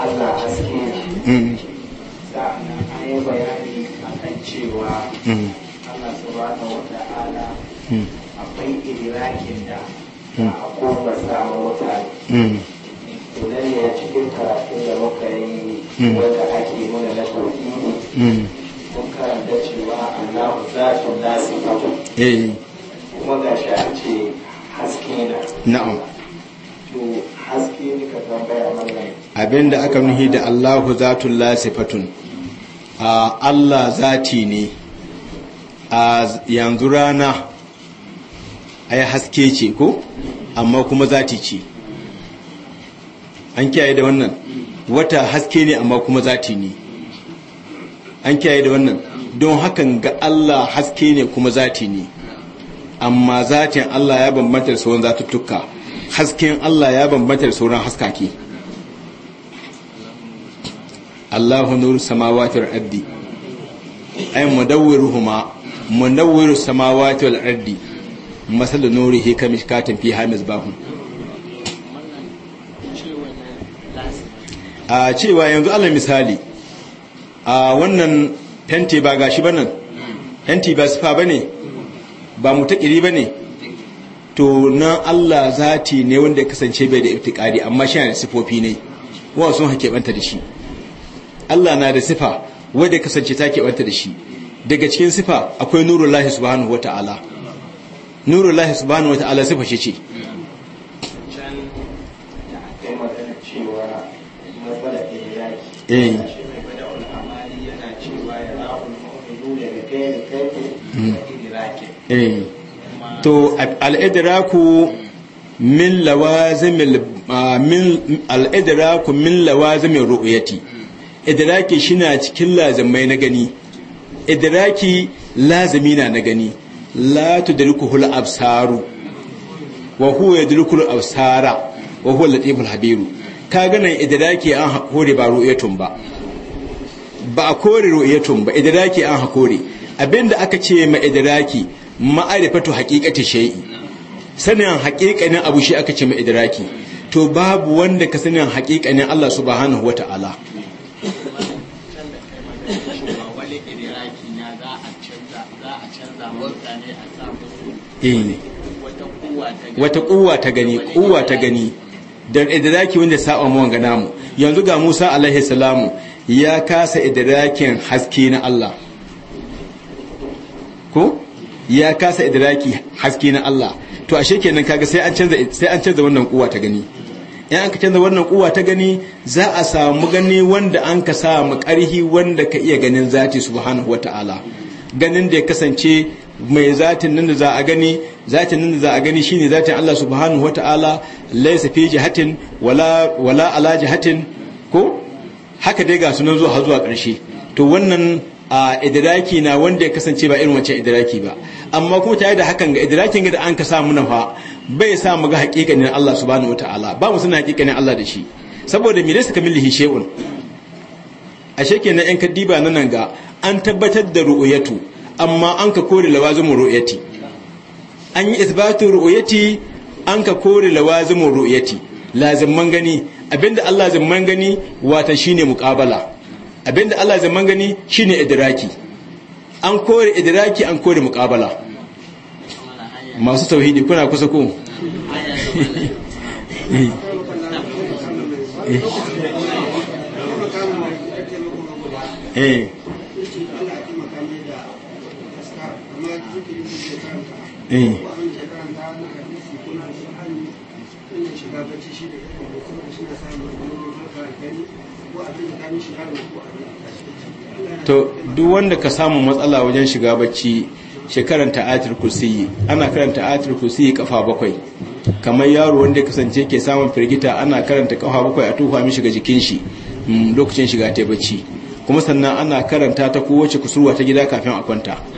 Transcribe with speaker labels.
Speaker 1: Allah haske mm. ne yi bayani akan cewa mm. Allah subhanahu wa ala mm. akwai irakin da a koma samun mutane ne a cikin karatun da muka yi wanda ake muna na tauhidi mun karanta cewa Allah zatun nasi eh. kuma ga shi ce haske na na'am abinda aka nuhi da Allahu zatun lasifatun a Allah zati ne a yanzu rana a ya haske ce ko amma kuma zati ce an kiyaye da wannan wata haske ne amma kuma zati ne an kiyaye da wannan don hakan ga Allah haske ne kuma zati ne amma zatin Allah ya bambanta da sauran zatuttuka hasken Allah ya bambanta da sauran haskake Allahu nuru samawati wal ardi ay mudawwiruhuma mudawwiru samawati wal ardi masal nurihi kamishkatin fiha misbahun a cewa yanzu Allah misali a wannan fenti ba gashi ba nan ba sifa bane ba mutakiri ba ne to nan Allah zati ne wanda ya kasance bai da iftikari amma shi ne sifofi ne wa sun hake banta da shi Allah na da sifa wadda kasance ta keɓanta da shi daga cikin sifa akwai nurul lahi subhanahu wa ta'ala nurul lahi subhanahu wa ta'ala sifa eh. shi ce hmm. eh. to al'adiraku min lawazimil ah, min min lawazimir idraki na cikin lazimai na gani idraki lazimi na na gani la tudrikuhu al-absaru wa huwa yadrikul absara wa huwa latiful habiru ka ganin idraki an hakore ba ru'yatun ba ba a kore ru'yatun ba idraki an hakore abinda aka ce ma idraki ma'arifatu haqiqati shay'i sanin haqiqanin abu shi aka ce ma idraki to babu wanda ka sanin haqiqanin Allah subhanahu wata'ala Eh, wata kuwa ta gani kuwa ta gani da idraki wanda saba mu wanga namu yanzu ga Musa alaihi salamu ya kasa idrakin haske na Allah ko ya kasa idraki haske na Allah to ashe kenan kaga sai an canza sai an canza wannan kuwa ta gani in an ka canza wannan kuwa ta gani za a samu gani wanda an ka sa mu karhi wanda ka iya ganin zati subhanahu wataala ganin da ya kasance mai zatin nan da za a gani zatin nan da za a gani shine zatin Allah subhanahu wataala laysa fi jihatin wala wala ala jihatin ko haka dai ga sunan zuwa zuwa ƙarshe to wannan a idraki na wanda ya kasance ba irin wancan idraki ba amma kuma tare da hakan ga idrakin da an ka sa mu fa bai sa mu ga hakikanin Allah subhanahu wataala ba mu suna hakikanin Allah da shi saboda me suka kamilihi shay'un ashe kenan in ka diba nan ga an tabbatar da ru'uyatu amma an ka kore lawazimin ru'uyati an yi isbatu ru'uyati an ka kore lawazimin ru'uyati lazimman gani abinda Allah zamman gani wata shine muqabala abinda Allah zamman gani shine idraki an kore idraki an kore muqabala masu tauhidi kuna kusa ko eh, eh. Eh. to duk wanda ka samu matsala wajen shiga bacci shekaran ta'atir kursiyi ana karanta ta'atir kursiyi kafa bakwai kamar yaro wanda ya kasance ke samun firgita ana karanta kafa bakwai a tufa mishi ga jikin shi mm, lokacin shiga ta bacci kuma sannan ana karanta ta kowace kusurwa ta gida kafin a kwanta